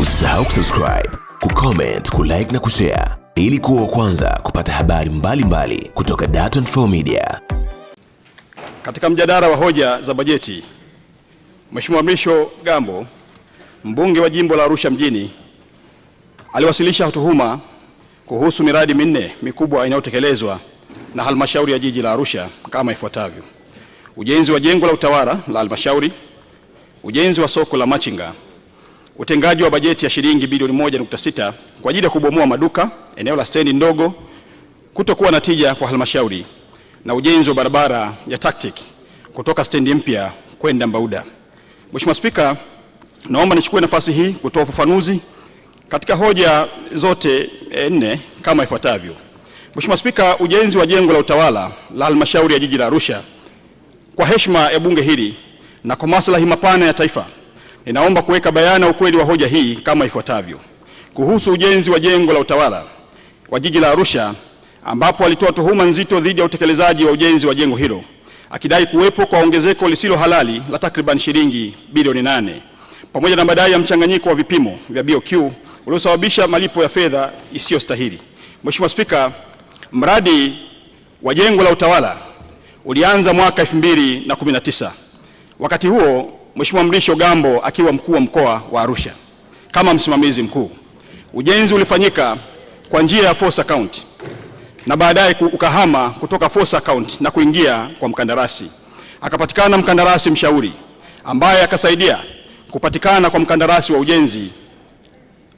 Usisahau kusubscribe, kucomment, kulike na kushare ili kuwa kwanza kupata habari mbalimbali mbali kutoka Dar24 Media. Katika mjadala wa hoja za bajeti, Mheshimiwa Mrisho Gambo, mbunge wa jimbo la Arusha mjini, aliwasilisha tuhuma kuhusu miradi minne mikubwa inayotekelezwa na halmashauri ya jiji la Arusha kama ifuatavyo: ujenzi wa jengo la utawala la halmashauri, ujenzi wa soko la machinga utengaji wa bajeti ya shilingi bilioni 1.6 kwa ajili ya kubomoa maduka, eneo la stendi ndogo, kutokuwa na tija kwa halmashauri na ujenzi wa barabara ya tactic kutoka stendi mpya kwenda Mbauda. Mheshimiwa Spika, naomba nichukue nafasi hii kutoa ufafanuzi katika hoja zote eh, nne kama ifuatavyo. Mheshimiwa Spika, ujenzi wa jengo la utawala la halmashauri ya jiji la Arusha kwa heshima ya bunge hili na kwa maslahi mapana ya taifa Ninaomba kuweka bayana ukweli wa hoja hii kama ifuatavyo. Kuhusu ujenzi wa jengo la utawala wa jiji la Arusha, ambapo alitoa tuhuma nzito dhidi ya utekelezaji wa ujenzi wa jengo hilo akidai kuwepo kwa ongezeko lisilo halali la takriban shilingi bilioni nane pamoja na madai ya mchanganyiko wa vipimo vya BOQ uliosababisha malipo ya fedha isiyostahili. Mheshimiwa Spika, mradi wa jengo la utawala ulianza mwaka 2019. Wakati huo Mheshimiwa Mrisho Gambo akiwa mkuu wa mkoa wa Arusha kama msimamizi mkuu. Ujenzi ulifanyika kwa njia ya force account na baadaye ukahama kutoka force account na kuingia kwa mkandarasi. Akapatikana mkandarasi mshauri ambaye akasaidia kupatikana kwa mkandarasi wa ujenzi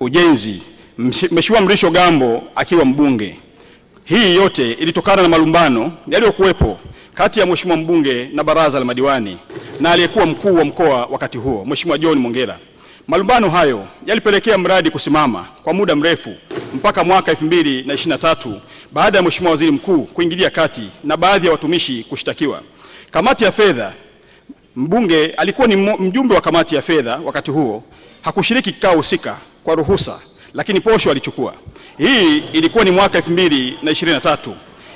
ujenzi, Mheshimiwa Mrisho Gambo akiwa mbunge. Hii yote ilitokana na malumbano yaliyokuwepo kati ya mheshimiwa mbunge na baraza la madiwani na aliyekuwa mkuu wa mkoa wakati huo Mheshimiwa John Mongela. Malumbano hayo yalipelekea mradi kusimama kwa muda mrefu mpaka mwaka 2023 baada ya Mheshimiwa Waziri Mkuu kuingilia kati na baadhi ya watumishi kushtakiwa. Kamati ya fedha, mbunge alikuwa ni mjumbe wa kamati ya fedha wakati huo, hakushiriki kikao husika kwa ruhusa, lakini posho alichukua. Hii ilikuwa ni mwaka 2023,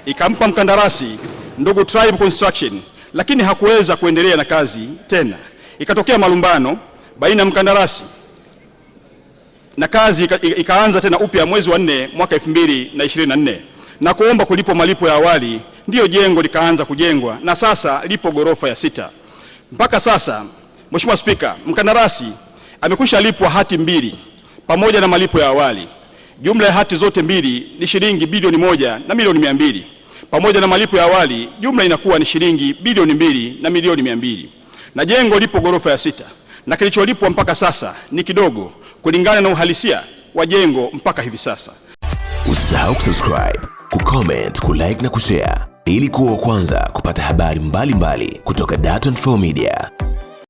ikampa mkandarasi ndugu Tribe Construction lakini hakuweza kuendelea na kazi tena. Ikatokea malumbano baina ya mkandarasi na kazi ikaanza tena upya mwezi wa nne mwaka 2024 na na na kuomba kulipwa malipo ya awali, ndiyo jengo likaanza kujengwa na sasa lipo ghorofa ya sita. Mpaka sasa, Mheshimiwa Spika, mkandarasi amekwisha lipwa hati mbili pamoja na malipo ya awali. Jumla ya hati zote mbili ni shilingi bilioni moja na milioni mia mbili pamoja na malipo ya awali, jumla inakuwa ni shilingi bilioni mbili na milioni mia mbili na jengo lipo ghorofa ya sita na kilicholipwa mpaka sasa ni kidogo kulingana na uhalisia wa jengo mpaka hivi sasa. Usisahau kusubscribe, kucomment, kulike na kushare ili kuwa wa kwanza kupata habari mbalimbali mbali kutoka Dar24 Media.